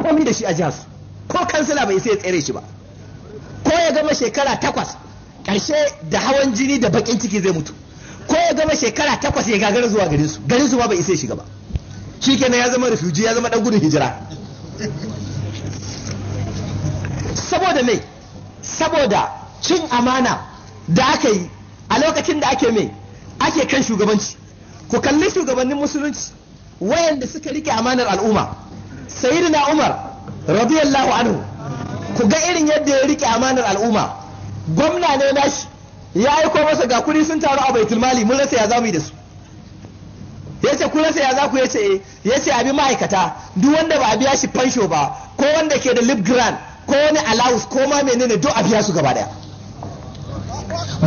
komi da shi a jihar ko kansila bai sai ya tsere shi ba ko ya gama shekara takwas karshe da hawan jini da bakin ciki zai mutu ko ya gama shekara takwas ya gagara zuwa garin su garin su ma bai isa shiga ba shi kenan ya zama refugee ya zama dan gudun hijira saboda me saboda cin amana da aka yi a lokacin da ake me ake kan shugabanci ku kalli shugabannin musulunci wayanda suka rike amanar al'umma sayyidina umar radiyallahu anhu ku ga irin yadda ya rike amanar al'umma gwamna ne nashi ya aiko masa ga kuɗi sun taru a baitul mali mun rasa ya za mu yi da su yace kun rasa ya za ku yace ce eh. abi ma'aikata duk wanda ba a biya shi fansho ba ko wanda ke da lip grand ko wani allowance ko ma menene duk a biya su gaba daya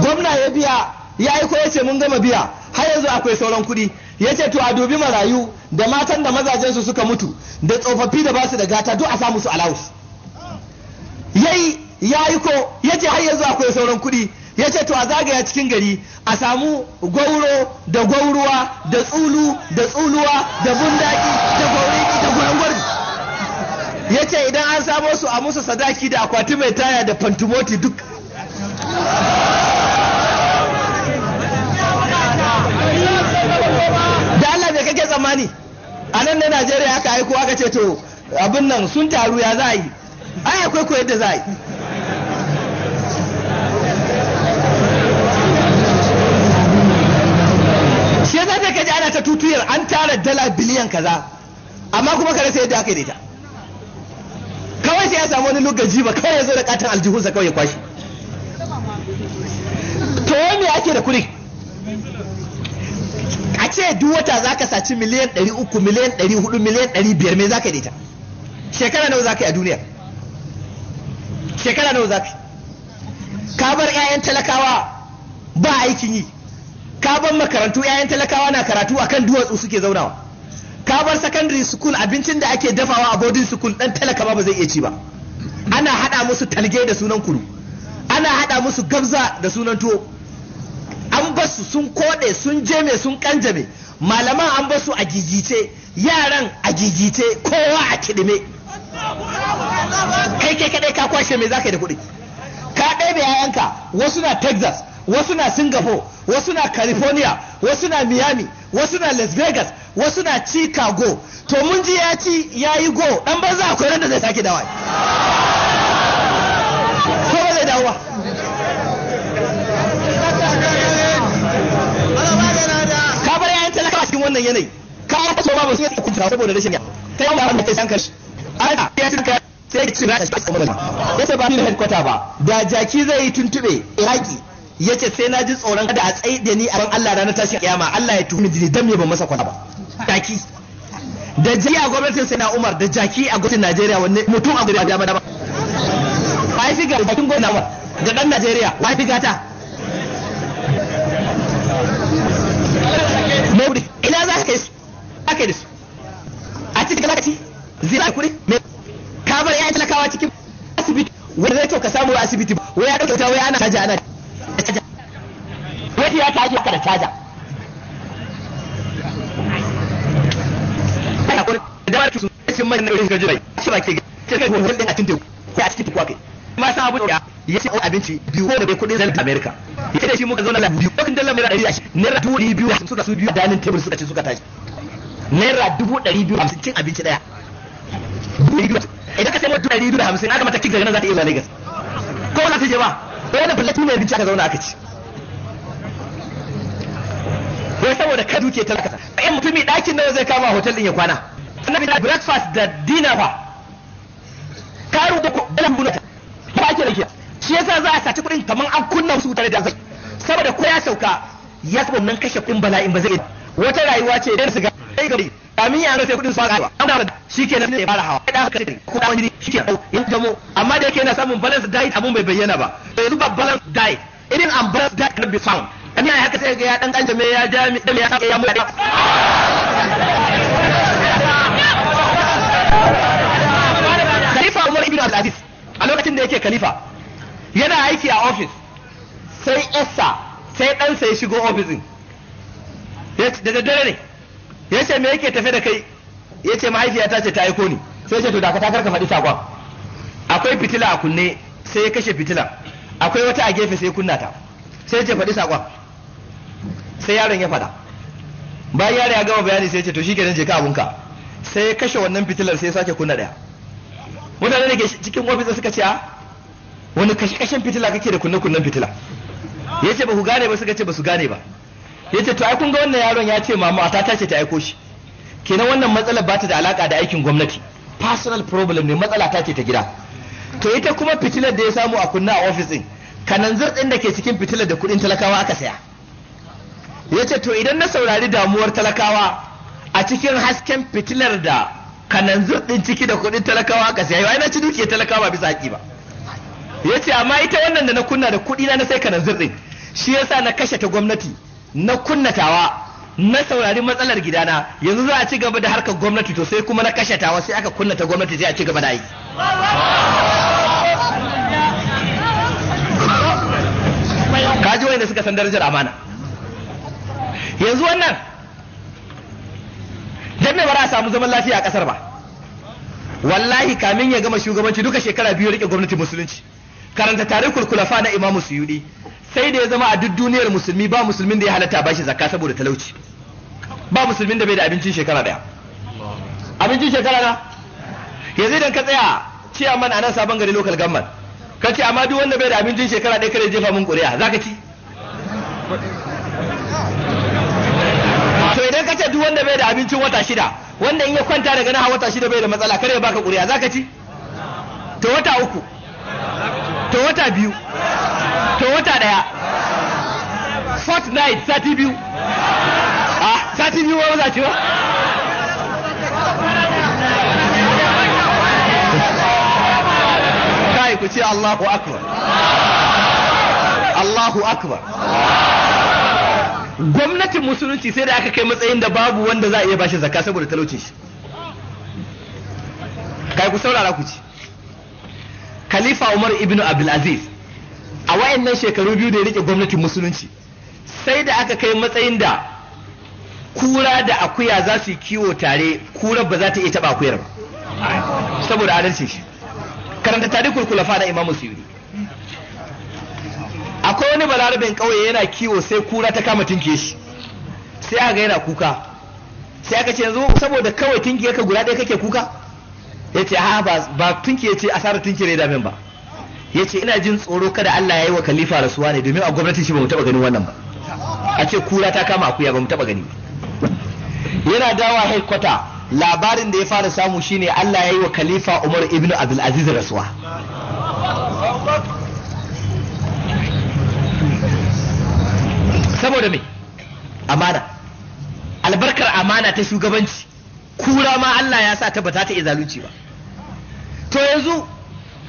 gwamna ya biya ya aiko yace mun gama biya har yanzu akwai sauran kuɗi ya ce to a dubi marayu da matan da mazajensu suka mutu da tsofaffi da basu da gata duk a samu su allowance yayi ya yi ko ya ce har yanzu akwai sauran kuɗi ya ce to a zagaya cikin gari a samu gwauro da gwauruwa da tsulu da tsuluwa da bundaki da gwauriki da gwangwari ya ce idan an samo su a musu sadaki da akwati mai taya da fantumoti duk ne a nan ne najeriya aka aiko aka ce to abin nan sun taru ya za a yi ai akwai ko yadda za a yi shi yasa sai ka ji ana ta tutuyar an tara dala biliyan kaza amma kuma ka rasa yadda aka yi da ita kawai sai ya samu wani lokaci ba kawai ya zo da katon aljihunsa kawai ya kwashi to wani ake da kuɗi ce duk wata ka saci miliyan 300 miliyan 400 miliyan 500 me yi ta shekara nawa za ka yi a duniya shekara nawa ka yi ka bar 'ya'yan talakawa ba aikin yi ka bar makarantu 'ya'yan talakawa na karatu akan duwatsu suke zaunawa ka bar secondary school abincin da ake dafawa a boarding school dan talaka ba zai iya ci ba ana hada musu talge da sunan kuru ana hada musu gabza da sunan tuwo an basu sun kode sun jeme sun kanjame malaman an basu a gigice yaran a gigice kowa a kidime kai kai kadai ka kwashe me zaka yi da kuɗi ka ɗebe yayanka wasu na texas wasu na singapore wasu na california wasu na miami wasu na las vegas wasu na chicago to mun ji ya ci ya yi go dan banza akwai ran da zai sake dawa ko ba wannan yanayi ka ba so ba ba sai ku ta saboda rashin ya kai ba wanda kai san kashi aka ya tinka sai ki tsira ta kuma ya ce ba ni head quarter ba da jaki zai yi tuntube iraki ya ce sai na ji tsoron kada a tsaye da ni a ran Allah ranar tashin kiyama Allah ya tuhumi jini dan me ban masa kwana ba jaki da jaki a gwamnatin sai na Umar da jaki a gwamnatin Najeriya wanne mutum a ba? da ba ai fi ga bakin gwamnatin Umar da dan Najeriya wai fi gata Maudi ina za ka yi su za ka yi su a cikin lokaci zira kuri me ka bar yayin talakawa cikin asibiti wanda zai to ka samu asibiti wai ya dauke ta wai ana caja ana caja wai ya caji ka da caja da ba su sun mai na wurin gajirai shi ba ke ga cikin hoton din a cikin teku ko a cikin teku kai ma san abu da ya ce abinci biyu ko da bai kudin zalta America ya ce shi muka zauna biyu ko kin ɗari dala naira dubu 200 naira 250 suka su biyu a dining table suka ce suka tashi naira dubu biyu hamsin cin abinci daya idan ka sai mutu 250 aka mata kick daga nan za ta iya zuwa Lagos ko za ta je ba ko wani bullet ne abinci aka zauna aka ci wai saboda ka duke talaka ɗan mutumi ɗakin nan zai kama hotel ɗin ya kwana sannan breakfast da dinner fa ka rubuta ko ɗan bunata haka ake rage shi yasa za a saci kudin kaman an kunna su tare da zai saboda ko ya sauka ya saba nan kashe kuɗin bala'in ba zai wata rayuwa ce da su ga kai gari kamin ya rufe kudin su ba kaiwa an da shi ke nan ne fara hawa da haka kai ko wani shi ke in jamo amma da yake yana samun balance diet abun bai bayyana ba sai zuba balance diet idan an balance diet can bi found kan ya haka sai ga ya dan kanjame ya jami dan ya ya mu Khalifa Umar ibn Abdul Aziz a lokacin da yake khalifa yana aiki a ofis sai yarsa sai ɗansa ya shigo ofisin da daddare ne ya ce me yake tafe da kai ya ce ta ce ta aiko ni sai ce to da ka karka faɗi sakon akwai fitila a kunne sai ya kashe fitila akwai wata a gefe sai kunna ta sai ce faɗi sakon sai yaron ya faɗa bayan yaron ya gama bayani sai ce to shi kenan je ka abunka sai ya kashe wannan fitilar sai ya sake kunna ɗaya mutane da ke cikin ofis suka ce wani kashe-kashen fitila kake da kunne-kunnen fitila ya ce ba ku gane ba suka ce ba su gane ba ya ce to ai kun ga wannan yaron ya ce mama ta tace ta aiko shi kenan wannan matsalar ba ta da alaka da aikin gwamnati personal problem ne matsala ta ce ta gida to ita kuma fitilar da ya samu a kunna a ofis din kanan zirtsin da ke cikin fitilar da kudin talakawa aka saya ya ce to idan na saurari damuwar talakawa a cikin hasken fitilar da kanan zuɗin ciki da kuɗin talakawa aka siya wai na ci dukiyar talakawa bisa haƙi ba ya ce amma ita wannan da na kunna da kuɗi na sai kanan zuɗin shi yasa na kashe ta gwamnati na kunnatawa na saurari matsalar gidana yanzu za a ci gaba da harkar gwamnati to sai kuma na kashe tawa sai aka kunna ta gwamnati sai a ci gaba da yi kaji wanda suka san darajar amana yanzu wannan dan me ba za a samu zaman lafiya a kasar ba wallahi kamin ya gama shugabanci duka shekara biyu rike gwamnatin musulunci karanta tarihul kulafa na imamu suyudi sai da ya zama a duk duniyar musulmi ba musulmin da ya halatta ba shi zakka saboda talauci ba musulmin da bai da abincin shekara daya abincin shekara na yanzu idan ka tsaya ciyaman a nan sabon gari local government ka ce amma duk wanda bai da abincin shekara ɗaya kare jefa mun ƙuri'a za ka ci to idan ka ce duk wanda bai da abincin wata shida wanda in ya kwanta daga nan wata shida bai da matsala kare baka ƙuri'a zaka ci to wata uku to wata biyu to wata daya fortnight sati biyu a sati biyu wa za ci ba kai ku ce Allahu akbar Allahu akbar gwamnatin musulunci sai da aka kai matsayin da babu wanda za a iya bashi zakka saboda talaucin shi kai ku saurara ku ci khalifa umar ibn aziz a wayannan shekaru biyu da ya rike gwamnatin musulunci sai da aka kai matsayin da kura da akuya za su yi kiwo tare kura ba za ta iya taba akuyar ba saboda adalcin shi karanta tarikul kulafa na imamu suyuri akwai wani balarabin ƙauye yana kiwo sai kura ta kama tinke shi sai aka yana kuka sai aka ce yanzu saboda kawai tinke ka guda ɗaya kake kuka ya ce ha ba tinke ya ce asarar tinke ne damin ba ya ce ina jin tsoro kada Allah ya yi wa khalifa rasuwa ne domin a gwamnatin shi ba mu taɓa ganin wannan ba a ce kura ta kama akuya ba mu taɓa gani yana dawa headquarter labarin da ya fara samu shine Allah ya yi wa khalifa Umar ibn Abdul Aziz rasuwa saboda mai amana albarkar amana ta shugabanci kura ma Allah ya sa ta ba ta zalunci ba to yanzu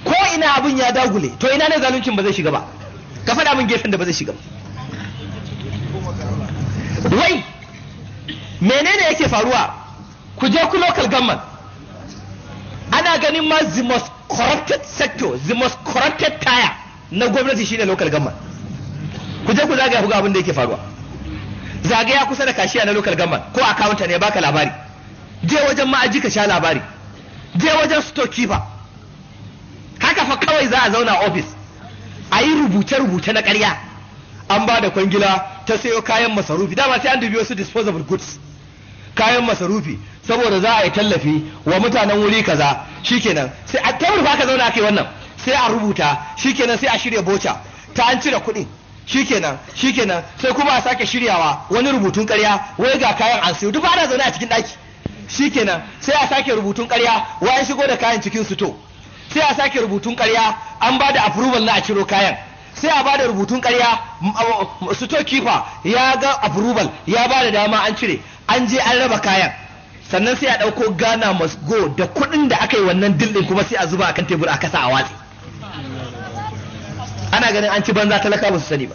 ko ina abin ya dagule to ina ne zaluncin ba zai shiga ba ka faɗa min gefen da ba zai shiga ba wai menene yake faruwa ku je ku local government ana ganin ma the most corrupted sector the most corrupted tire na gwamnati shine local government ku je ku zagaya ku ga abin da yake faruwa zagaya kusa da kashiya na local government ko account ne baka labari je wajen ma'aji ka sha labari je wajen storekeeper haka fa kawai za a zauna office a yi rubuce-rubuce na ƙarya an ba da kwangila ta sayo kayan masarufi dama sai an dubi wasu disposable goods kayan masarufi saboda za a yi tallafi wa mutanen wuri kaza shikenan sai a tabar ka zauna kai wannan sai a rubuta shikenan sai a shirya boca ta an cire kuɗi shikenan shikenan sai kuma a sake shiryawa wani rubutun karya wai ga kayan an siyo duk ana zaune a cikin ɗaki shikenan sai a sake rubutun karya wai shigo da kayan cikin sito sai a sake rubutun karya an ba da approval na a ciro kayan sai a bada rubutun karya sito kifa ya ga approval ya bada dama an cire an je an raba kayan sannan sai a ɗauko Ghana must go da kuɗin da aka yi wannan dildin kuma sai a zuba akan tebur a kasa a watsi ana ganin an ci banza talaka ba su sani ba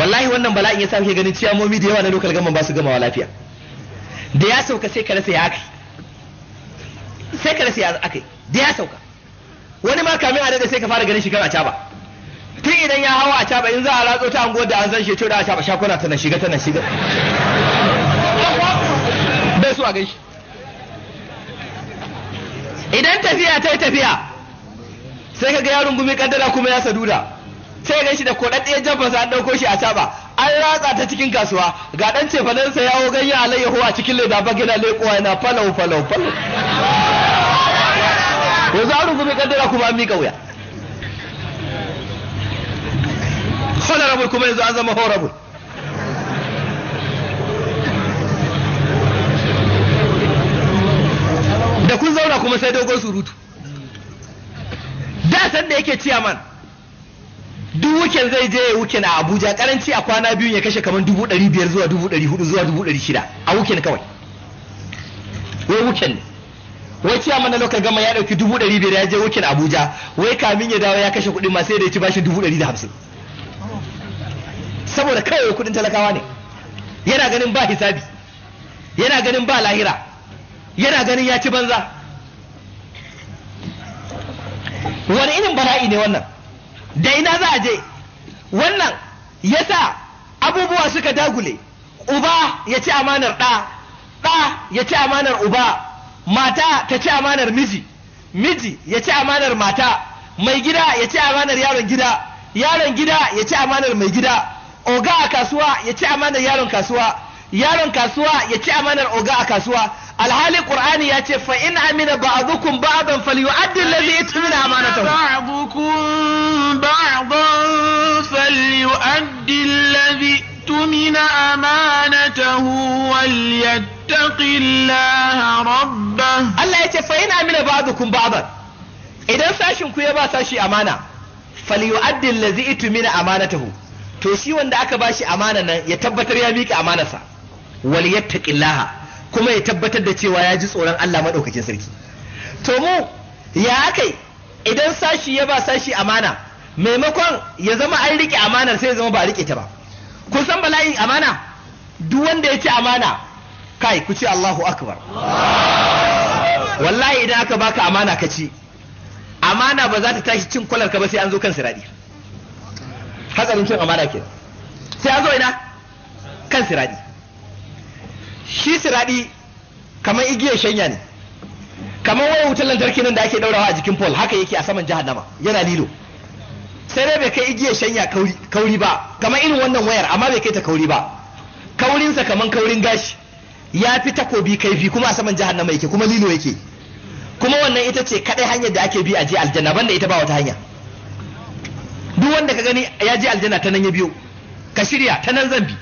wallahi wannan bala'in ya sa muke ganin ciyamomi da yawa na lokal gama ba su gamawa lafiya da ya sauka sai ka rasa ya akai sai ka rasa ya akai da ya sauka wani ma kamin a daga sai ka fara ganin shigar a caba tun idan ya hawa a caba in za a ratso ta anguwar da an zan sheto da a caba shakuna tana shiga tana shiga bai su a gaishe idan tafiya ta tafiya sai ka ga yaron gumi kaddara kuma ya saduda sai ga shi da kodaddiyar sa an dauko shi a caba an ratsa ta cikin kasuwa ga dan sa yawo ganye alayyahu a cikin leda bagina lekowa yana falau falau falau za ru gumi kaddara kuma an mika wuya honorable kuma yanzu an zama horrible da kun zauna kuma sai dogon surutu da san da yake ciyaman duk wukin zai je ya wukin a abuja karanci a kwana biyu ya kashe kamar dubu ɗari biyar zuwa dubu ɗari hudu zuwa dubu ɗari shida a wukin kawai wai wuken ne wai ciyaman na lokacin gama ya ɗauki dubu ɗari biyar ya je wukin abuja wai kamin ya dawo ya kashe kuɗin masu yadda ya ci bashi dubu ɗari da hamsin saboda kawai kuɗin talakawa ne yana ganin ba hisabi yana ganin ba lahira yana ganin ya ci banza wani irin bala'i ne wannan da ina za a je wannan ya sa abubuwa suka dagule uba ya ci amanar ɗa ɗa ya ci amanar uba mata ta ci amanar miji miji ya ci amanar mata mai gida ya ci amanar yaron gida yaron gida ya ci amanar mai gida oga a kasuwa ya ci amanar yaron kasuwa yaron kasuwa ya ci amanar oga a kasuwa alhali qur'ani ya ce fa in amina ba'dukum ba'dan falyu'addi alladhi itmina amanatahu ba'dukum ba'dan falyu'addi alladhi itmina amanatahu walyattaqillaha rabbah Allah ya ce fa in amina ba'dukum ba'dan idan sashin ku ya ba sashi amana falyu'addi alladhi itmina amanatahu to shi wanda aka bashi amana nan ya tabbatar ya miƙe amanarsa waliyattaqillaha kuma ya tabbatar da cewa ya ji tsoron Allah maɗaukakin sarki to mu ya akai idan sashi ya ba sashi amana maimakon ya zama an riƙe amanar sai ya zama ba riƙe ta ba kun san bala'in amana duk wanda ya ci amana kai ku ce Allahu akbar wallahi idan aka baka amana ka ci amana ba za ta tashi cin kwalar ka ba sai an zo kan siradi hatsarin cin amana ke sai an zo ina kan siradi shi siradi kamar igiyar shanya ne kamar wayar wutar lantarki nan da ake daurawa a jikin pole haka yake a saman jahannama yana lilo sai dai bai kai igiyar shanya kauri ba kamar irin wannan wayar amma bai kai ta kauri ba kaurinsa kamar kaurin gashi ya fi takobi kaifi kuma a saman jahannama yake kuma lilo yake kuma wannan ita ce kadai hanyar da ake bi a je aljanna banda ita ba wata hanya duk wanda ka gani ya je aljanna ta nan ya biyo ka shirya ta nan zan bi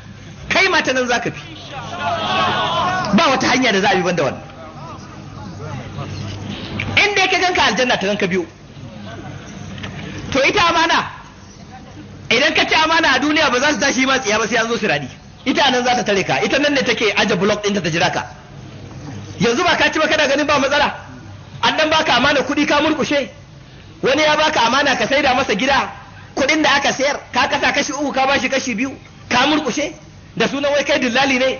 kai mata nan ka fi ba wata hanya da za a bi banda wannan inda ka ganka aljanna ta ganka biyu to ita amana idan ka ci amana a duniya ba za su tashi ma tsiya ba sai an zo su radi ita nan za ta tare ka ita nan ne take aje block ɗinta ta jira ka yanzu ba ka ci ba kana ganin ba matsala an dan baka amana kuɗi ka murkushe wani ya baka amana ka saida masa gida kuɗin da aka sayar ka kasa kashi uku ka bashi kashi biyu ka murkushe da sunan wai kai dillali ne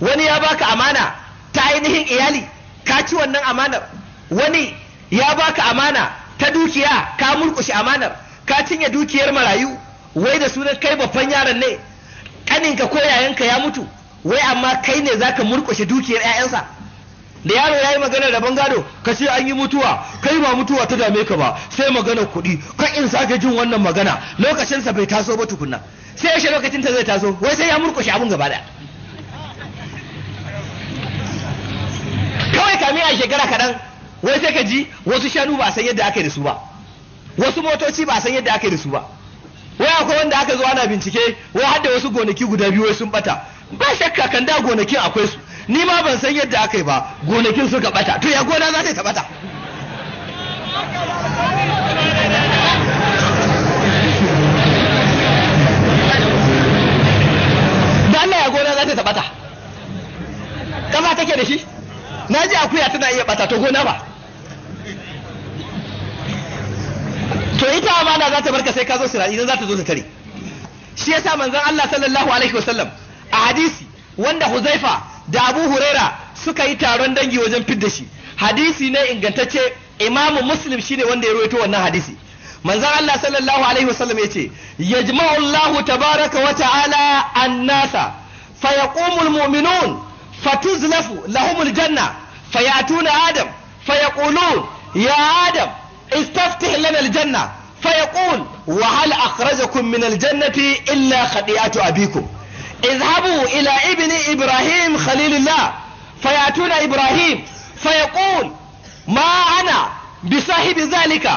wani ya baka amana ta ainihin iyali ka ci wannan amanar wani ya baka amana ta dukiya ka murkushe amanar ka cinye dukiyar marayu wai da sunan kai babban yaron ne kaninka ko yayanka ya mutu wai amma kai ne zaka murkushe dukiyar 'ya'yansa da yaro ya yi magana da bangado ka ce an yi mutuwa kai ba mutuwa ta dame ka ba sai magana kuɗi kan in sake jin wannan magana lokacinsa bai taso ba tukunna sai yaushe lokacin ta zai taso wai sai ya murkushe abin gaba kawai kamin a shekara kaɗan wai sai ka ji wasu shanu ba san yadda aka yi da su ba wasu motoci ba san yadda aka yi da su ba wai akwai wanda aka zo ana bincike wai har da wasu gonaki guda biyu sun bata ba shakka kan da gonakin akwai su ni ma ban san yadda aka yi ba gonakin suka bata to ya gona za ta ta bata da Allah ya gona za ta ta bata kama take da shi na ji akuya tana iya bata to gona ba to ita amana za ta barka sai ka zo sirari idan za ta zo ta tare shi yasa manzon Allah sallallahu alaihi wasallam a hadisi wanda Huzaifa da abu huraira suka yi taron dangi wajen fidda shi hadisi ne ingantacce imamu muslim shine wanda ya rawaito wannan hadisi manzon Allah sallallahu alaihi wasallam yace yajma'u Allahu tabaraka wa ta'ala an-nasa faya muminun fatuzlafu lahum janna fayatuna adam fayaqulun ya adam istaftih lana aljanna janna fayaqul wa hal akhrajakum min aljannati illa khadi'atu abikum اذهبوا إلى ابن إبراهيم خليل الله فيأتون إبراهيم فيقول ما أنا بصاحب ذلك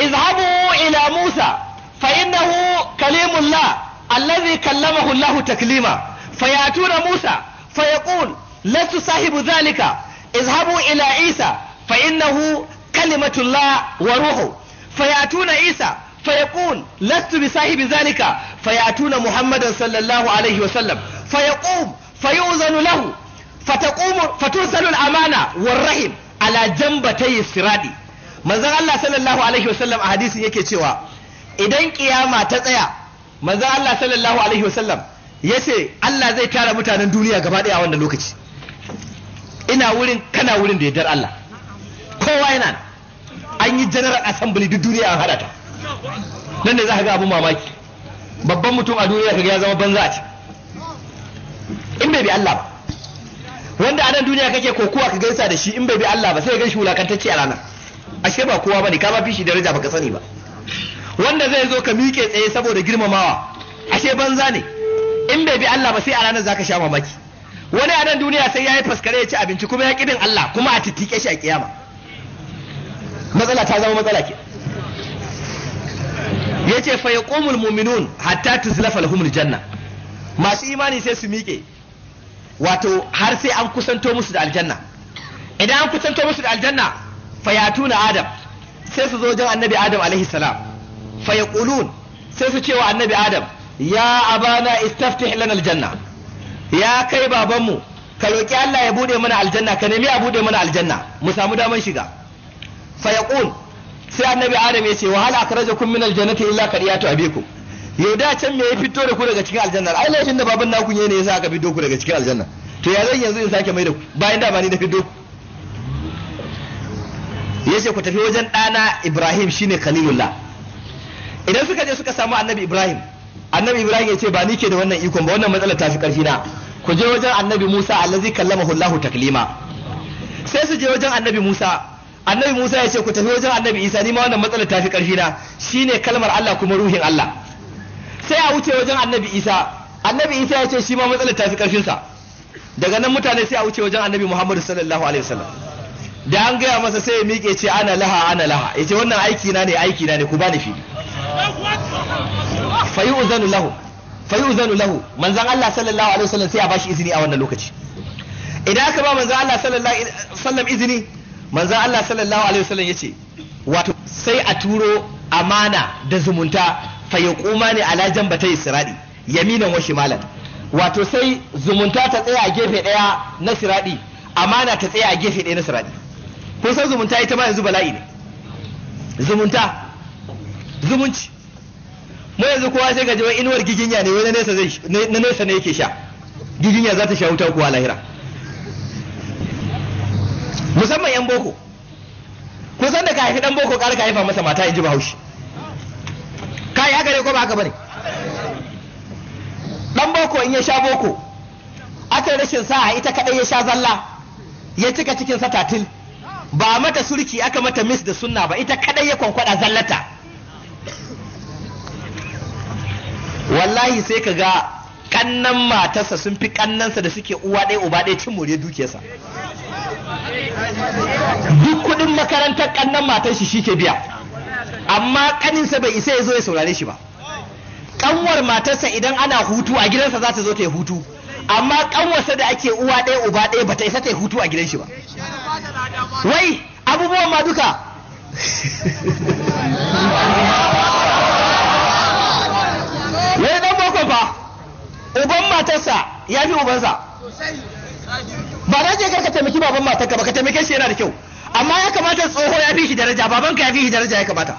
اذهبوا إلى موسى فإنه كليم الله الذي كلمه الله تكليما فيأتون موسى فيقول لست صاحب ذلك اذهبوا إلى عيسى فإنه كلمة الله وروحه فيأتون عيسى فيقول لست بصاحب ذلك فيأتون محمدا صلى الله عليه وسلم فيقوم فيؤذن له فتقوم فترسل الأمانة والرحم على جنبتي الصراط manzon Allah sallallahu alaihi wasallam a hadisin yake cewa idan kiyama ta tsaya manzon Allah sallallahu alaihi wasallam ce Allah zai tara mutanen duniya gaba daya a wannan lokaci ina wurin kana wurin da yardar Allah kowa yana an yi general assembly duk duniya an hada ta nan ne za ka ga abun mamaki babban mutum a duniya kaga ya zama banza a in bai bi Allah ba wanda a nan duniya kake kokuwa ka gaisa da shi in bai bi Allah ba sai ya gaishe wulakantacce a ranar ashe ba kowa bane ka ba fi shi daraja baka sani ba wanda zai zo ka miƙe tsaye saboda girmamawa ashe banza ne in bai bi Allah ba sai a ranar zaka sha mamaki wani a nan duniya sai yayi faskare ya ci abinci kuma ya kidin Allah kuma a titike shi a kiyama matsala ta zama matsala ke yace fa yaqumul mu'minun hatta tuzlafa lahumul janna masu imani sai su miƙe wato har sai an kusanto musu da aljanna idan an kusanto musu da aljanna fayatuna adam sai su zo wajen annabi adam alaihi salam ƙulun sai su cewa annabi adam ya abana istaftih lana aljanna ya kai babanmu ka roƙi Allah ya buɗe mana aljanna ka nemi a buɗe mana aljanna mu samu daman shiga fayaqul sai annabi adam ya ce wahala akhrajakum min aljannati illa qariyatu abikum yauda can me ya fito da ku daga cikin aljanna ai laifin da baban naku ne yasa aka fito ku daga cikin aljanna to ya zan yanzu in sake mai da ku bayan da ba ni da fito yace ku tafi wajen dana Ibrahim shine Khalilullah idan suka je suka samu annabi Ibrahim annabi Ibrahim ya ce ba ni ke da wannan ikon ba wannan matsalar ta fi karfi na ku je wajen annabi Musa allazi kallamahu allah taklima sai su je wajen annabi Musa annabi Musa ya ce ku tafi wajen annabi Isa ni ma wannan matsalar tafi ƙarfi na shine kalmar Allah kuma ruhin Allah sai a wuce wajen annabi Isa annabi Isa ya ce shi ma matsalar tafi ƙarfin sa daga nan mutane sai a wuce wajen annabi Muhammad sallallahu alaihi wasallam da an gaya masa sai ya miƙe ce ana laha ana laha ya ce wannan aiki na ne aiki na ne ku bani fili fayi uzanu lahu fayi uzanu lahu manzon Allah sallallahu alaihi wasallam sai a bashi izini a wannan lokaci idan aka ba manzon Allah sallallahu alaihi wasallam izini manzan Allah sallallahu alaihi wasallam ce, wato sai a turo amana da zumunta fa kuma ne ala jambata isradi yaminan wa shimalan wato sai zumunta ta tsaya a gefe ɗaya na siradi amana ta tsaya a gefe ɗaya na siradi kun san zumunta ita ma yanzu bala'i ne zumunta zumunci mu yanzu kowa sai ga jiwa inuwar giginya ne wani nesa na nesa ne yake sha giginya za ta sha wuta kuwa lahira musamman yan boko ku san da ka haifi dan boko ka ka haifa masa mata ya ji bahaushe ka yi haka ne ko ba haka bane dan boko in ya sha boko aka rashin sa'a ita kadai ya sha zalla ya cika cikin sa tatil ba mata surki aka mata mis da sunna ba ita kadai ya kwankwada zallata wallahi sai ka ga Ƙannan matarsa sun fi ƙannansa da suke uwa ɗaya uba ɗaya cin more dukiyarsa duk kuɗin makarantar ƙannan matar shi ke biya amma kaninsa bai isa ya zo ya saurare shi ba ƙanwar matarsa idan ana hutu a gidansa za ta zo ta yi hutu amma kanwarsa da ake uwa ɗaya uba ɗaya bata isa ta yi hutu a gidan shi ba wai abubuwan ma duka wai dan boko fa uban matarsa ya fi ubansa ba za je ka taimaki baban matarka ba ka taimake shi yana da kyau amma ya kamata tsoho ya fi shi daraja babanka ya fi shi daraja ya kamata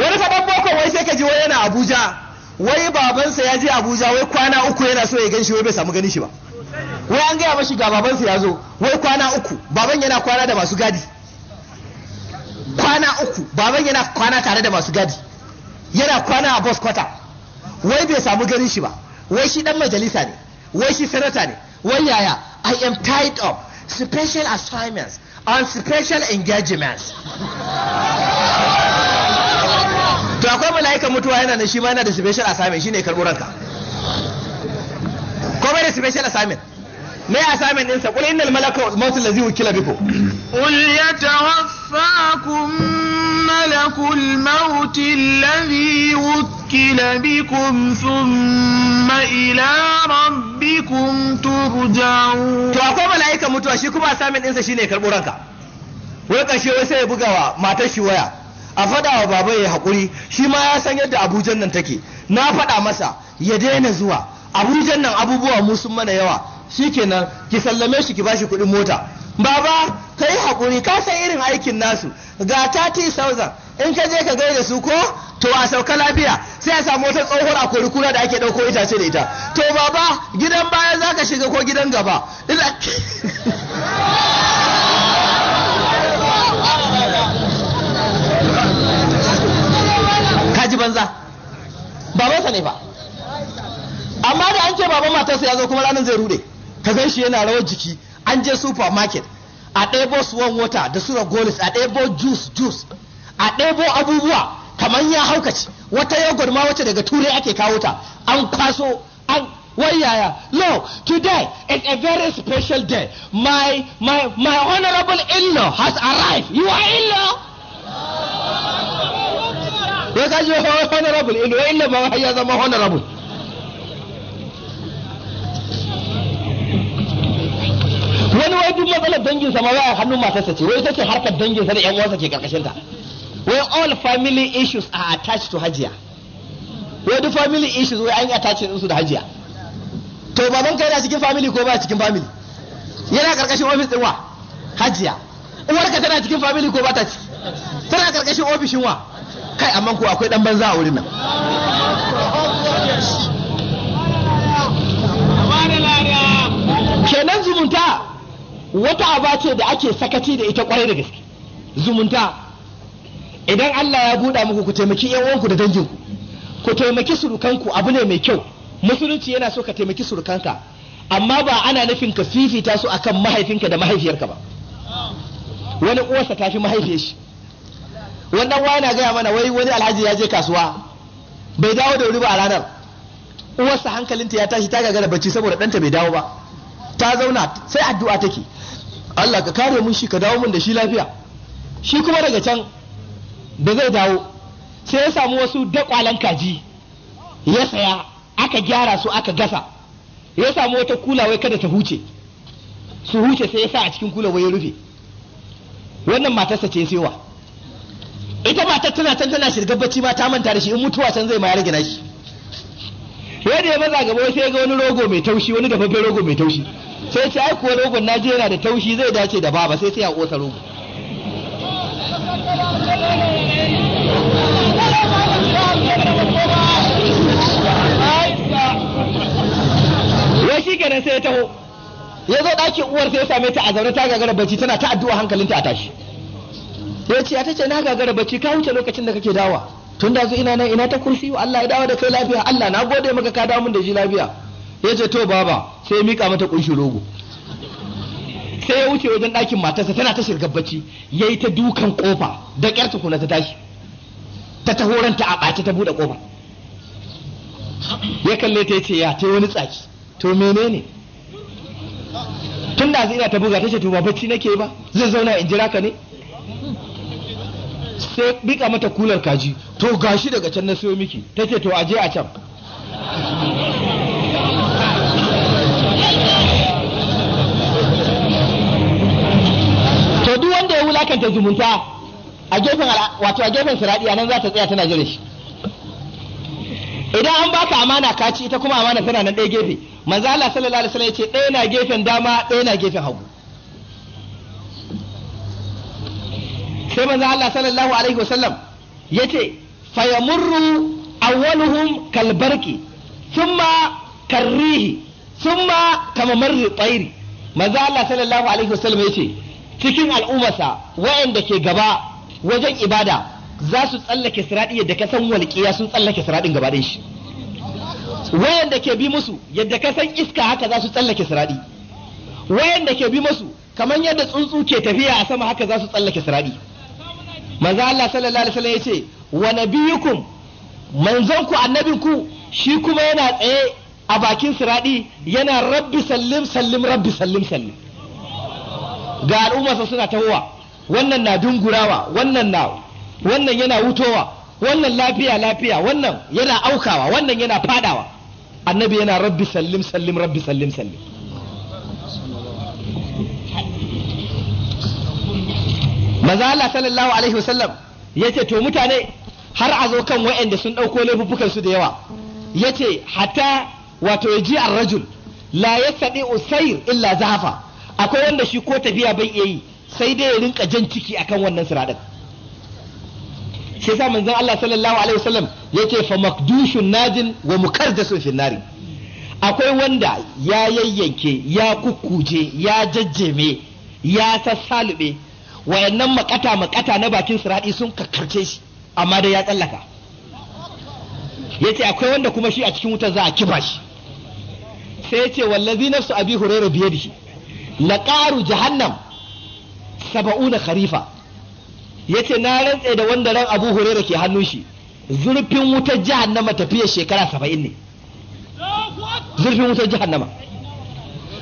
wani sabon boko wai sai ka ji wai yana abuja wai babansa ya je abuja wai kwana uku yana so ya gan shi wai bai samu ganin shi ba wai an gaya mashi ga babansa ya zo wai kwana uku baban yana kwana da masu gadi kwana uku baban yana kwana tare da masu gadi yana kwana a bus kwata wai bai samu ganin shi ba wai shi dan majalisa ne wai shi sanata ne wai yaya i am tied up special assignments on special engagements to akwai mala'ikan mutuwa yana da shi ma yana da special assignment shine karbo ranka ko bai da special assignment me assignment din sa qul innal malaka mautul ladhi wukila bikum qul yatawaffa توفاكم ملك الموت الذي وكل بكم ثم إلى ربكم ترجعون to akwai mala'ikan mutuwa shi kuma samin ɗinsa shine ya karɓo ranka wai ƙarshe wai sai ya buga wa matar shi waya a faɗa wa baba ya haƙuri shi ma ya san yadda abujan nan take na faɗa masa ya daina zuwa abujan nan abubuwa mu sun mana yawa shikenan ki sallame shi ki bashi kuɗin mota baba ka yi haƙuri ka san irin aikin nasu ga 30,000 in ka je ka gaida su ko to a sauka lafiya sai a samu wata tsohuwar a kuna da ake ɗauko itace da ita to baba gidan baya za ka shiga ko gidan gaba ji banza babansa ne ba amma da an ce baban matarsa ya zo kuma ranar zai rude ka gan shi yana rawar jiki an je supermarket a ɗebo suwan wata da sura golis a ɗebo juice juice a ɗebo abubuwa kamar ya haukaci wata yogurt ma wacce daga turai ake kawo ta an kwaso an wayaya no today is a very special day my my my honorable in-law has arrived you are in-law ya kaji honorable in-law in-law ya zama honorable wani wai duk matsalar dangin sa ma wai hannun matarsa ce wai sace harkar dangin sa da yan uwansa ke karkashin ta wai all family issues are attached to hajiya wai duk family issues wai an yi attached din su da hajiya to baban kai na cikin family ko ba cikin family yana karkashin office din wa hajiya uwarka tana cikin family ko ba ta ci. tana karkashin ofishin wa kai amma ko akwai dan banza a wurin nan kenan zumunta wata aba ce da ake sakaci da ita kwarai da gaske zumunta idan Allah ya buɗa muku ku taimaki yan uwanku da danginku ku taimaki surukanku abu ne mai kyau musulunci yana so ka taimaki surukanka amma ba ana nufin ka fifita su akan mahaifinka da mahaifiyarka ba wani uwarsa ta fi mahaifiyar shi wannan wa yana gaya mana wai wani alhaji ya je kasuwa bai dawo da wuri ba a ranar uwarsa hankalinta ya tashi ta gagara bacci saboda ɗanta bai dawo ba ta zauna sai addu'a take Allah ka kare mun shi ka dawo mun da shi lafiya shi kuma daga can da zai dawo sai ya samu wasu dakwalan kaji ya saya aka gyara su aka gasa ya samu wata kula kada ta huce su huce sai ya sa a cikin kula ya rufe wannan matarsa ce sewa ita matar tana can tana shirga bacci ma ta manta da shi in mutuwa can zai ma ya shi yadda ya maza gaba sai ya ga wani rogo mai taushi wani gababben rogo mai taushi sai ce ai kuwa rogon na jera yana da taushi zai dace da baba sai sai ya kosa rogo Ya shi kenan sai ya taho ya zo ɗakin uwar sai ya same ta a zaune ta gagara bacci tana ta addu'a hankalinta a tashi ya ce ta ce na gagara bacci ka wuce lokacin da kake dawa tun da ina nan ina ta kursi Allah ya dawo da kai lafiya Allah na gode maka ka dawo mun da shi lafiya ya ce to baba sai mika mata kunshi rogo sai ya wuce wajen ɗakin matarsa tana ta shirgar bacci ya yi ta dukan kofa da ƙyar tukuna ta tashi ta tahoranta a ɓace ta buɗe kofa ya kalle ta ce ya ta wani tsaki to menene tun da zai ta buga ta ce to ba bacci nake ba zai zauna in jira ka ne sai bika mata kular kaji to gashi daga can na siyo miki ta ce to aje a can wulakanta zumunta a gefen wato a gefen siradi nan za ta tsaya tana jira shi idan an baka amana ka ci ita kuma amana tana nan ɗaya gefe manzo Allah sallallahu alaihi wasallam ya ce ɗaya na gefen dama ɗaya na gefen hagu sai manzo Allah sallallahu alaihi wasallam ya ce fayamurru awwaluhum kalbarki thumma karrihi thumma kamamarri tayri manzo Allah sallallahu alaihi wasallam ya ce cikin al'ummarsa wayanda ke gaba wajen ibada za su tsallake siraɗi yadda ka san walƙiya sun tsallake siraɗin gaba shi wayanda ke bi musu yadda ka san iska haka za su tsallake siraɗi wayanda ke bi musu kamar yadda tsuntsu ke tafiya a sama haka za su tsallake siraɗi manzo Allah sallallahu alaihi wasallam yace wa nabiyukum manzon ku ku? shi kuma yana tsaye a bakin siraɗi yana rabbi sallim sallim rabbi sallim sallim ga al'ummarsa suna tahowa wannan na dungurawa wannan na wannan yana wutowa wannan lafiya lafiya wannan yana aukawa wannan yana fadawa annabi yana rabbi sallim sallim rabbi sallim sallim Maza Allah sallallahu alaihi wasallam yace to mutane har a zo kan wa'anda sun dauko laifukan su da yawa yace hatta wato yaji ar-rajul la yasadi usair illa zahafa akwai wanda shi ko tafiya bai iya yi sai dai ya rinka jan ciki akan wannan siradin shi yasa manzon Allah sallallahu alaihi wasallam yake fa makdushun najin wa mukardasun fi nari akwai wanda ya yayyanke ya kukkuje ya jajjeme ya tasalube wayannan makata makata na bakin siradi sun kakkarce shi amma dai ya tsallaka yace akwai wanda kuma shi a cikin wutar za a kiba shi sai yace wallazi nafsu abi hurairah biye da shi Na ƙaru jahannam saba'una kharifa ya ce na rantse da wanda ran abu hurera ke hannun shi zurfin wutar jahannama tafiya shekara saba'in ne zurfin wutar jahannama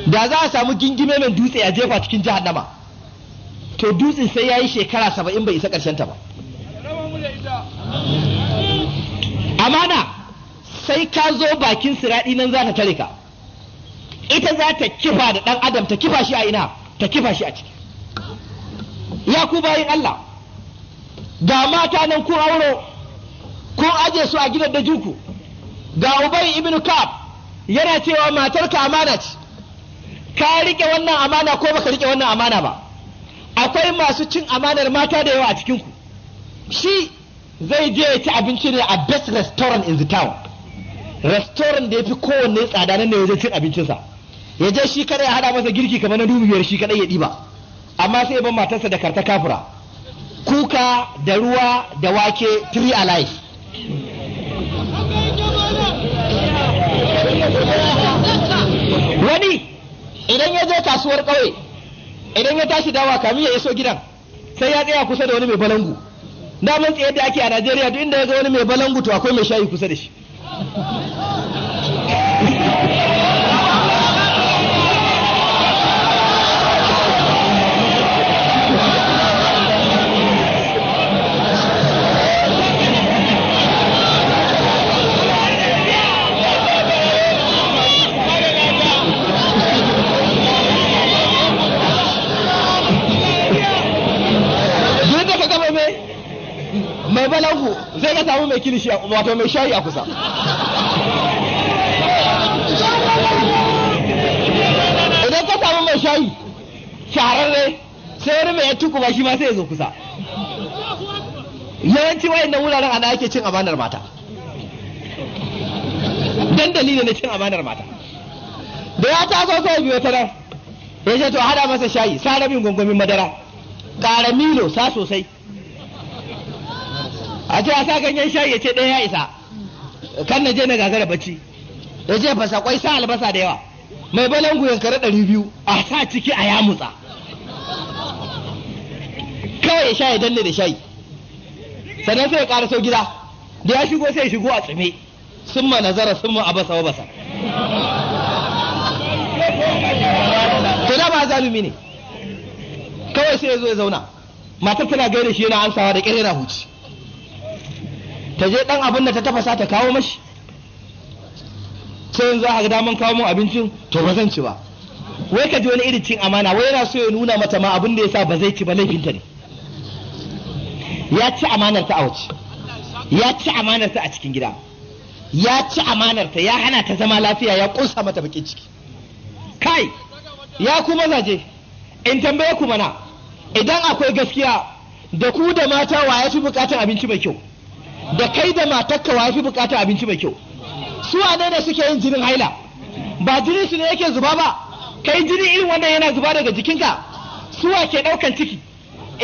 da za a samu gingime mai dutse a jefa cikin jahannama to dutse sai ya yi shekara saba'in bai isa ƙarshen ta ba amana sai ka zo bakin siraɗi nan za ta tare ka ita za ta kifa da ɗan adam ta kifa shi a ina ta kifa shi a ciki ya ku bayin Allah ga mata nan kun auro kun aje su a gidan da juku ga ubai ibn kab yana cewa matarka amana ce ka rike wannan amana ko baka rike wannan amana ba akwai masu cin amanar mata da yawa a cikin ku shi zai je ya ci abinci ne a best restaurant in the town restaurant da ya fi kowanne tsada nan ne wajen cin abincinsa ya je shi kada ya hada masa girki kamar na dubu biyar shi kadai ya diba amma sai ban matarsa da karta kafura kuka da ruwa da wake three alive wani idan ya je kasuwar kauye idan ya tashi dawa kamin ya iso gidan sai ya tsaya kusa da wani mai balangu mun tsaye da ake a najeriya duk inda ya zo wani mai balangu to akwai mai shayi kusa da shi balagu zai ga samu mai kilishi a wato mai shayi a kusa idan ka samu mai shayi shahararre sai wani mai yantu kuma shi ma sai ya zo kusa yawanci wayan nan wuraren ana ake cin amanar mata dan dalilin na cin amanar mata da ya taso sai biyo ta nan ya ce to hada masa shayi sa rabin gungumin madara ƙara milo sa sosai a ce a sa ganyen shayi ya ce ɗaya ya isa kan na je na gagara bacci ya je fasa kwai sa albasa da yawa mai balangu ya kare ɗari biyu a sa ciki a yamutsa kawai ya sha ya danne da shayi sannan sai ya sau gida da ya shigo sai ya shigo a tsime sun ma nazara sun ma abasa wa basa to da ba zalumi ne kawai sai ya zo ya zauna matar tana gaida shi yana amsawa da ƙirƙira huci ta je dan abin da ta tafasa ta kawo mashi sai yanzu a daman kawo mun abincin to ba zan ci ba wai ka ji wani irin cin amana wai yana so ya nuna mata ma abin da ya sa ba zai ci ba laifinta ne ya ci amanar ta a waje. ya ci amanar ta a cikin gida ya ci amanar ta ya hana ta zama lafiya ya kusa mata bakin ciki kai ya ku mazaje in tambaye ku mana idan akwai gaskiya da ku da mata wa ya fi bukatar abinci mai kyau da kai da matarka wa fi bukatar abinci mai kyau su wane ne suke yin jinin haila ba jinin su ne yake zuba ba kai jini irin wannan yana zuba daga jikinka su wa ke daukan ciki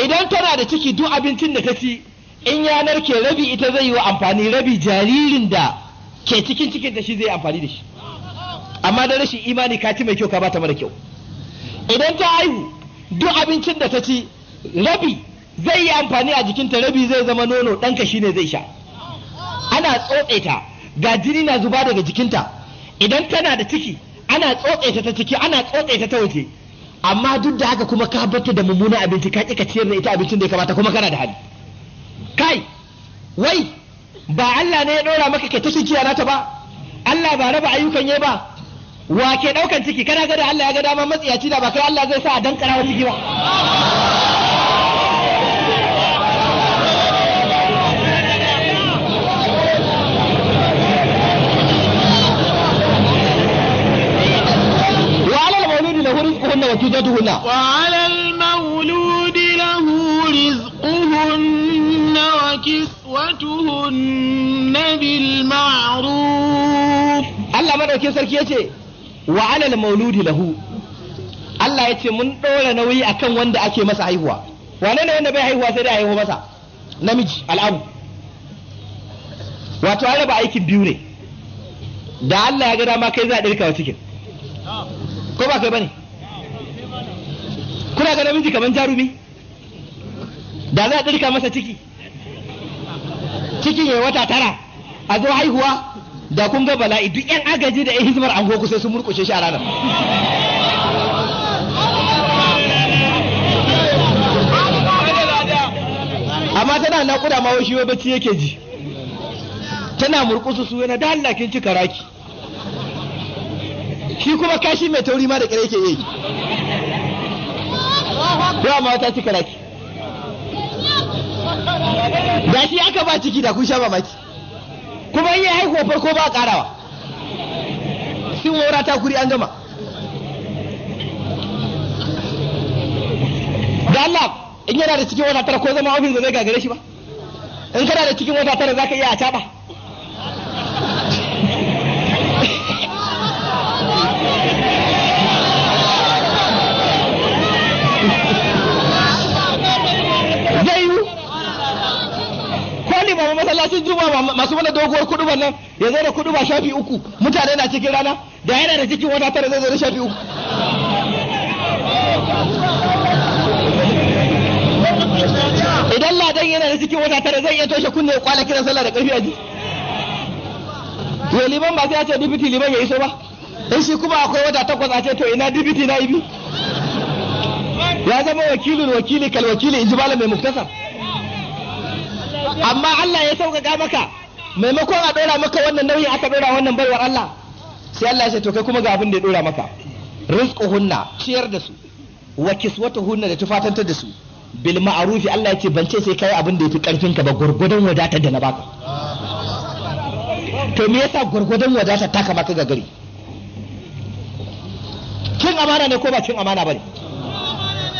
idan tana da ciki duk abincin da ta ci in yanar ke rabi ita zai yi wa amfani rabi jaririn da ke cikin cikin da shi zai amfani da shi amma da rashin imani ka ci mai kyau ka bata mara kyau idan ta haihu duk abincin da ta ci rabi zai yi amfani a jikinta rabi zai zama nono ɗanka shine zai sha ana tsotse ta ga jini na zuba daga jikinta idan tana da ciki ana tsotse ta ta ciki ana tsotse ta ta waje amma duk da haka kuma ka batta da mummuna abinci ka ƙi ka ciyar da ita abincin da ya kamata kuma kana da hali kai wai ba Allah ne ya ɗora maka ke ta kiyana nata ba Allah ba raba ayyukan ya ba wa ke ɗaukan ciki kana ga da Allah ya ga dama matsiyaci da ba kai Allah zai sa a dan ciki ba رزقهن وكيدتهن وعلى المولود له رزقهن وكسوتهن بالمعروف الله ماذا كيسر كيسر وعلى المولود له Allah ya ce mun ɗora nauyi akan wanda ake masa haihuwa wane ne wanda bai haihuwa sai dai haihu masa namiji al'abu wato an raba aikin biyu ne da Allah ya ga dama kai za a ɗirka wa cikin ko ba kai ne. kuna ga namiji kamar jarumi da za a ɗirka masa ciki cikin ya wata tara a zo haihuwa da kun ga bala'i duk yan agaji da yan hizmar ango sai sun murkushe shi a ranar amma tana naƙuda ma shi bacci yake ji tana murkusu su yana da kin shi kuma kashi mai tauri ma da kire yake yi yawa mata wata cika raki da shi aka ba ciki da kun sha mamaki kuma iya haihuwa farko ba karawa sun wura ta kuri an gama da Allah in yana da cikin wata tara ko zama ofis da zai gagare shi ba in kana da cikin wata tara zaka iya a taba su mana doguwar kudu nan ya zo da kudu ba shafi uku mutane na cikin rana da yana da cikin wata tara zai zo da shafi uku idan ladan yana da cikin wata tara zai iya toshe kunne kwala kiran sallah da karfi a ji to liman ba sai ya ce dibiti liman ya iso ba in shi kuma akwai wata takwas a ce to ina dibiti na ibi ya zama wakilin wakili kal wakili in ji malam mai muktasar amma Allah ya sauƙaƙa maka maimakon a ɗora maka wannan nauyi aka ɗora wannan baiwar Allah sai Allah ya ce to kai kuma ga abin da ya ɗora maka hunna, ciyar da su wa hunna da tufatantar da su bil ma'rufi Allah yake bance sai kai abin da yafi karfin ka ba gurgudan wadata da na baka to me yasa gurgudan wadata ta kama ka gagari cin amana ne ko ba cin amana bane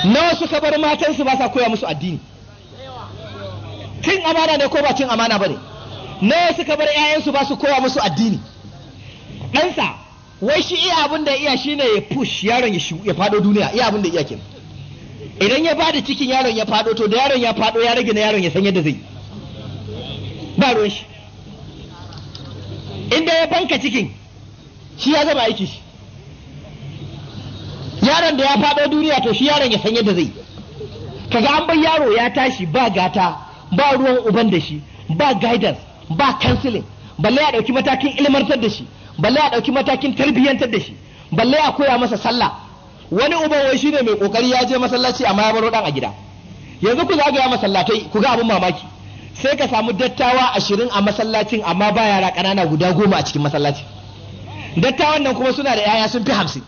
nawa suka bar matansu ba sa koya musu addini cin amana ne ko ba cin amana bane nawa suka bar 'ya'yansu ba su koya musu addini ɗansa wai shi iya abin da iya shine ya push yaron ya fado duniya iya abin da iya kenan idan ya bada cikin yaron ya fado to da yaron ya fado ya rage na yaron ya san yadda zai ba ruwan shi inda ya banka cikin shi ya zama aiki shi yaron da ya fado duniya to shi yaron ya san yadda zai kaga an bar yaro ya tashi ba gata ba ruwan uban da shi ba guidance ba counseling balle a ɗauki matakin ilmantar da shi balle a ɗauki matakin tarbiyyantar da shi balle a koya masa sallah wani uba wai shine mai kokari ya je masallaci amma ya baro dan a gida yanzu ku zagaya masallatai ku ga abin mamaki sai ka samu dattawa ashirin a masallacin amma ba yara ƙanana guda goma a cikin masallacin dattawan nan kuma suna da yaya sun fi hamsin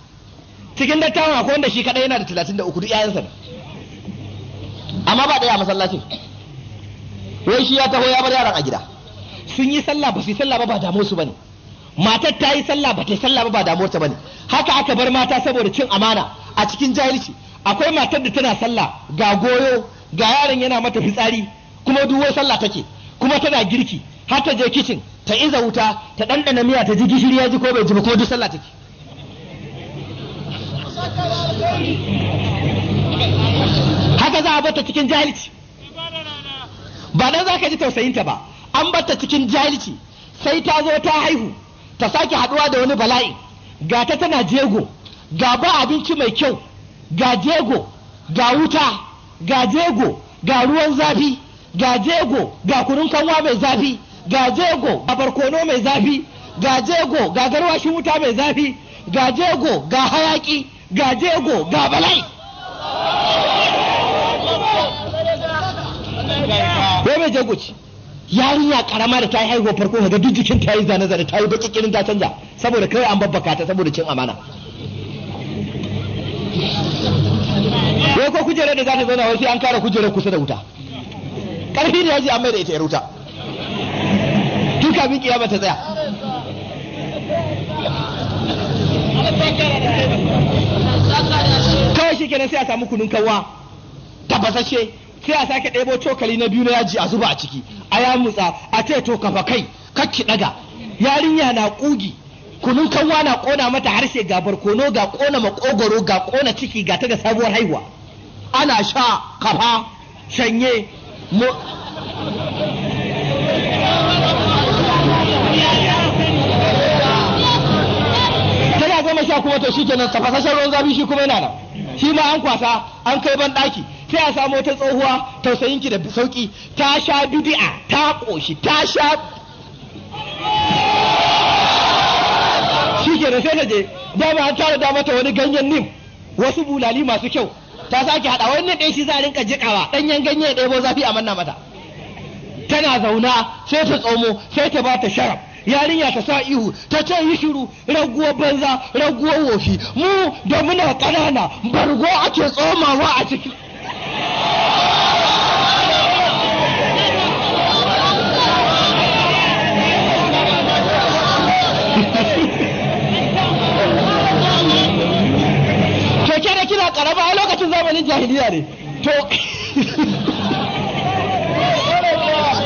cikin dattawan akwai wanda shi kaɗai yana da talatin da uku duk yayansa ne amma ba ɗaya a masallacin wai shi ya taho ya bar yaran a gida sun yi sallah ba su yi sallah ba ba damu su bane matar ta yi sallah ba ta yi sallah ba ba damu ta bane haka aka bar mata saboda cin amana a cikin jahilci akwai matar da tana sallah ga goyo ga yaron yana mata fitsari kuma duwo sallah take kuma tana girki har ta je kicin ta iza wuta ta ɗanɗana miya ta ji gishiri ya ji ko bai ji ba ko duk sallah take haka za a bata cikin jahilci ba dan za ka ji tausayinta ba an bata cikin jahilci sai ta zo ta haihu ta sake haduwa da wani bala'i ga ta tana jego ga ba abinci mai kyau ga jego ga wuta ga jego ga ruwan zafi ga jego ga kurun kanwa mai zafi ga jego ga barkono mai zafi ga jego ga garwashin wuta mai zafi ga jego ga hayaki ga jego ga bala'i mai yarinya karama da ta yi haihuwa farko ga duk jikin ta yi zane zane ta yi baki kirin ta canza saboda kai an babbaka ta saboda cin amana wai ko kujerar da za ta zauna wasu an kara kujerar kusa da wuta karfi da yaji an mai da ita ya ruta min kafin kiyama ta tsaya kawai shi kenan sai a samu kunun kawa tabbasashe sai a sake ɗebo cokali na biyu na yaji a zuba a ciki a ya mutsa a ce to kafa kai kakki daga yarinya na kugi kunun kanwa na kona mata harshe ga barkono ga kona makogoro ga kona ciki ga ta ga sabuwar haihuwa ana sha kafa shanye mo tana zama sha kuma to kenan, tafasashen ruwan zafi shi kuma yana nan shi ma an kwasa an kai ban ɗaki, sai a samu wata tsohuwa tausayin ki da sauki ta sha bid'a ta koshi ta sha shi ke da sai je dama an tara da mata wani ganyen nim wasu bulali masu kyau ta sake haɗa wannan ɗaya shi za a rinka jikawa ɗanyen ganye dai bo zafi a manna mata tana zauna sai ta tsomo sai ta ba ta sharaf yarinya ta sa ihu ta ce yi shiru raguwar banza raguwar wofi mu da muna kanana bargo ake tsomawa a ciki karaba a lokacin zamanin jahiliya ne to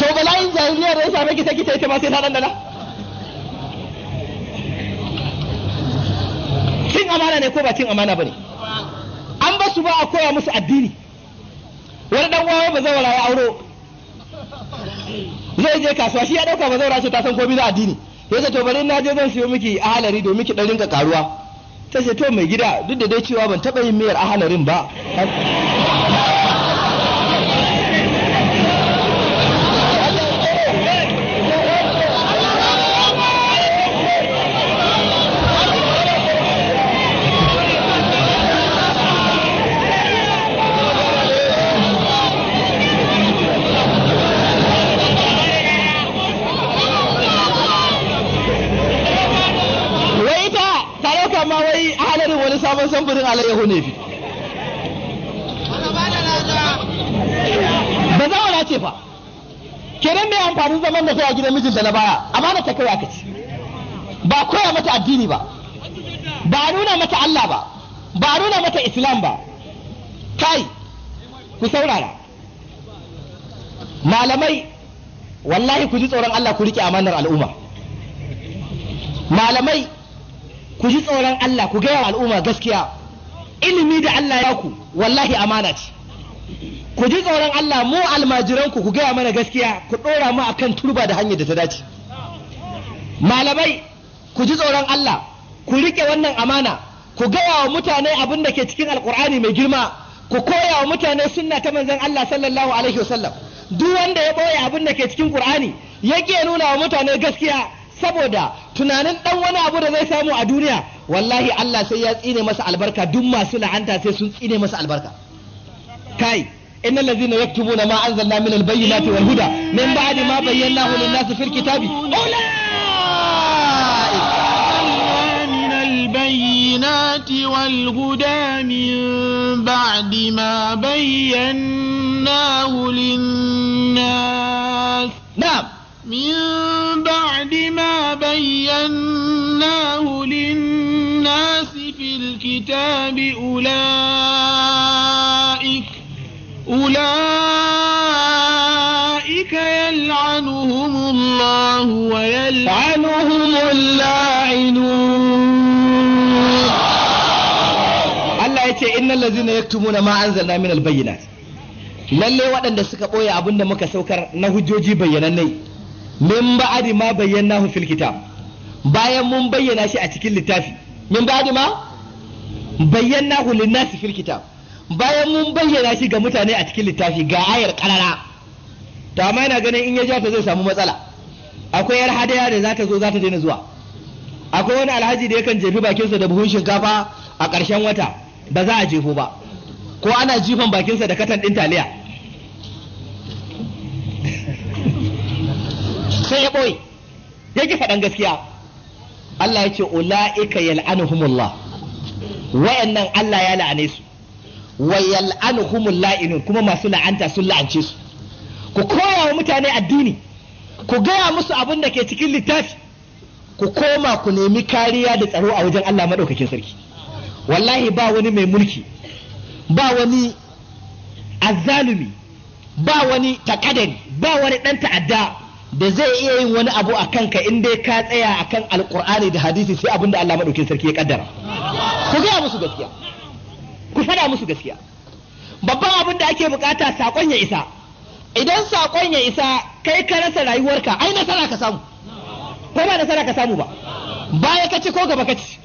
to bala'in jahiliya da ya same ki take ita ma sai ta dandana cin amana ne ko ba cin amana ba ne an ba su ba a koya musu addini wani dan wawa ba zaura ya auro zai je kasuwa shi ya dauka ba zaura ce ta san komai za addini yace to bari na je zan siyo miki ahalari domin ki dan rinka karuwa ta ce to mai gida duk da dai cewa ban taɓa yin miyar ahalarin ba tuburin alayyahu ne fi ba za wala ce fa kenan mai amfani zaman da sai a gidan mijinta na baya amma ta kai aka ci ba koya mata addini ba ba nuna mata Allah ba ba nuna mata Islam ba kai ku saurara malamai wallahi ku ji tsoron Allah ku rike amanar al'umma malamai ku ji tsoron Allah ku gaya al'umma gaskiya ilimi da Allah ya ku wallahi amana ce ku ji tsoron Allah mu almajiran ku ku gaya mana gaskiya ku ɗora mu akan turba da hanyar da ta dace malamai ku ji tsoron Allah ku rike wannan amana ku gaya wa mutane abin da ke cikin alkur'ani mai girma ku koya wa mutane sunna ta manzon Allah sallallahu alaihi wasallam duk wanda ya boye abin da ke cikin qur'ani yake nuna wa mutane gaskiya saboda tunanin dan wani abu da zai samu a duniya wallahi Allah sai ya tsine masa albarka duk masu la'anta sai sun tsine masa albarka kai إن الذين يكتبون ما أنزلنا من البينات والهدى من بعد ما بيناه للناس في الكتاب أولئك البينات والهدى من بعد ما بيناه للناس الكتاب أولئك أولئك يلعنهم الله ويلعنهم اللاعنون Allah ya ce innal ladzina yaktumuna ma anzalna min albayyinat lalle waɗanda suka ɓoye abin da muka saukar na hujjoji bayyanannai min ba'adi ma bayyanahu fil kitab bayan mun bayyana shi a cikin littafi min ba'adi ma Bayyana nasi fil kitab bayan mun bayyana shi ga mutane a cikin littafi ga ayar karara to amma yana ganin in ya ja ta zai samu matsala akwai yar hadaya da za ta zo za ta daina zuwa akwai wani alhaji da yakan jefi bakinsa da buhun shinkafa a ƙarshen wata ba za a jefo ba ko ana jifan bakinsa da katan ɗin taliya sai ya ɓoye yake faɗan gaskiya Allah ya ce ula'ika yal'anuhumullah wayannan Allah ya la'ane su wa yal'anuhumul la'inun kuma masu la'anta sun la'ance su ku koya wa mutane addini ku gaya musu abin da ke cikin littafi ku koma ku nemi kariya da tsaro a wajen Allah madaukakin sarki wallahi ba wani mai mulki ba wani azzalumi ba wani takadari ba wani ɗan ta'adda da zai iya yin wani abu a ka in dai ka tsaya akan alkur'ani da hadisi sai abin da Allah madaukakin sarki ya kaddara ku gaya musu gaskiya ku faɗa musu gaskiya babban abin da ake bukata sakon ya isa idan sakon ya isa kai ka rasa rayuwarka ai nasara ka samu ko ba nasara ka samu ba baya ka ci ko gaba ka ci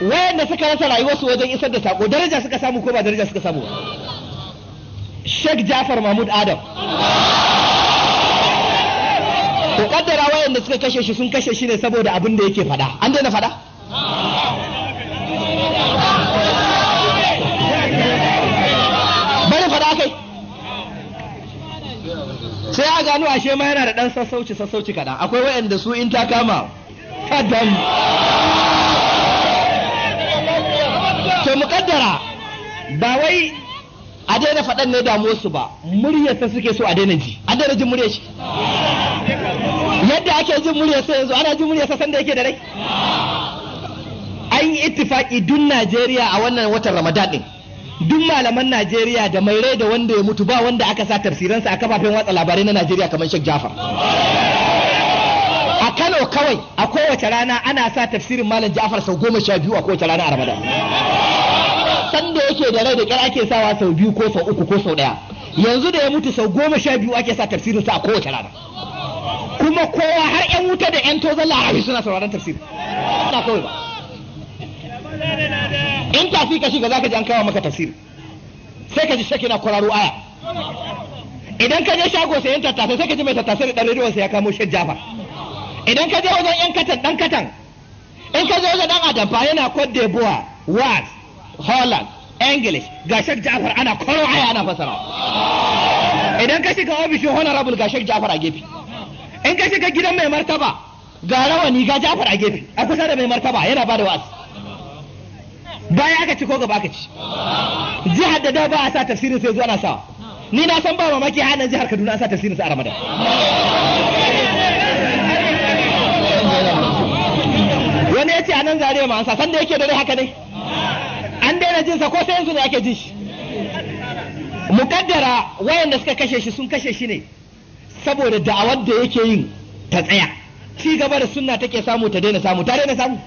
wayanda suka rasa rayuwarsu wajen isar da sako daraja suka samu ko ba daraja suka samu ba Sheikh Jafar Mahmud Adam ku kaddara wayanda suka kashe shi sun kashe shi ne saboda abin da yake fada an daina fada bari fada kai sai a gano ashe ma yana da ɗan sassauci sassauci kaɗan akwai waɗanda su in ta kama kadan to muƙaddara ba wai a daina faɗan ne damuwar su ba muryarsa suke so a daina ji a daina jin muryar shi yadda ake jin muryarsa yanzu ana jin muryarsa sanda yake da rai an yi ittifaki dun Najeriya a wannan watan Ramadan din dun malaman Najeriya da mai rai da wanda ya mutu ba wanda aka sa tafsiransa a kafafen watsa labarai na Najeriya kamar Sheikh Jafar a Kano kawai a kowace rana ana sa tafsirin malam Jafar sau goma sha biyu a kowace rana a Ramadan sanda yake da rai da kyar ake sawa sau biyu ko sau uku ko sau daya yanzu da ya mutu sau goma sha biyu ake sa tafsirinsa a kowace rana kuma kowa har 'yan wuta da 'yan tozon lahari suna sauraron tafsiri. ba. in tafi ka shiga zaka ji an kawo maka tafsir sai ka ji shaki na kwararo aya idan ka je shago sai sayan tattase sai ka ji mai tattasai da dan rediyon sai ya kamo shan jafa idan ka je wajen yan katan ɗan katan in ka je wajen dan adamfa yana Cote buwa Wales Holland English ga shak Jafar ana kwaro aya ana fasara idan ka shiga ofishin honorable ga shak Jafar a gefe in ka shiga gidan mai martaba ga rawani ga Jafar a gefe a kusa da mai martaba yana ba da wasu baya aka ci ko gaba aka ci jihar da da ba a sa tafsirin sai zuwa na sa ni na san ba mamaki har nan jihar Kaduna an sa tafsirin sa a Ramadan wani yace a nan zare ma an sa san da yake dare haka ne an daina jin sa ko sai yanzu ne ake ji shi mukaddara wayanda suka kashe shi sun kashe shi ne saboda da'awar da yake yin ta tsaya ci gaba da sunna take samu ta daina samu ta daina samu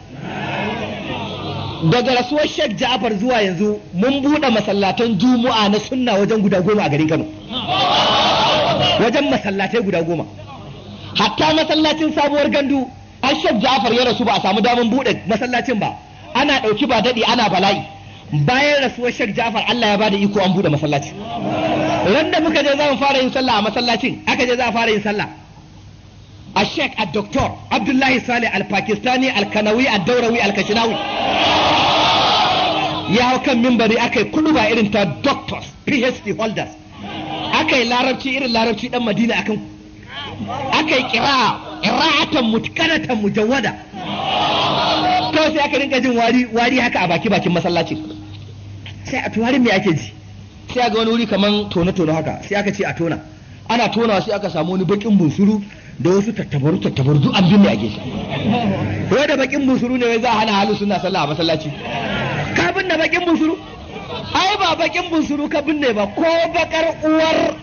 daga rasuwar Sheikh Ja'far zuwa yanzu mun buɗe masallatan Juma'a na sunna wajen guda goma a garin Kano wajen masallatai guda goma hatta masallacin sabuwar gandu an Sheikh Ja'far ya rasu ba a samu damar buɗe masallacin ba ana ɗauki ba daɗi ana bala'i bayan rasuwar Sheikh Ja'far Allah ya bada iko an buɗe masallaci ran muka je za mu fara yin sallah a masallacin aka je za fara yin sallah الشيخ الدكتور عبد الله صالح الباكستاني الكنوي الدوروي الكشناوي ya hau kan mimbari aka yi kulluba irin ta doctors phd holders aka yi larabci irin larabci dan madina akan aka yi kira'a kira'atan mutkanatan mujawwada kawai sai aka rinka jin wari wari haka a baki bakin masallaci sai a tuwarin me ake ji sai ga wani wuri kaman tone haka sai aka ce a tona ana tonawa sai aka samu wani bakin bunsuru da wasu tattabaru tattabaru duk an binne a gefe ko da bakin musuru ne wai za hana halu suna sallah a masallaci ka binne bakin musuru ai ba bakin musuru ka binne ba ko bakar uwar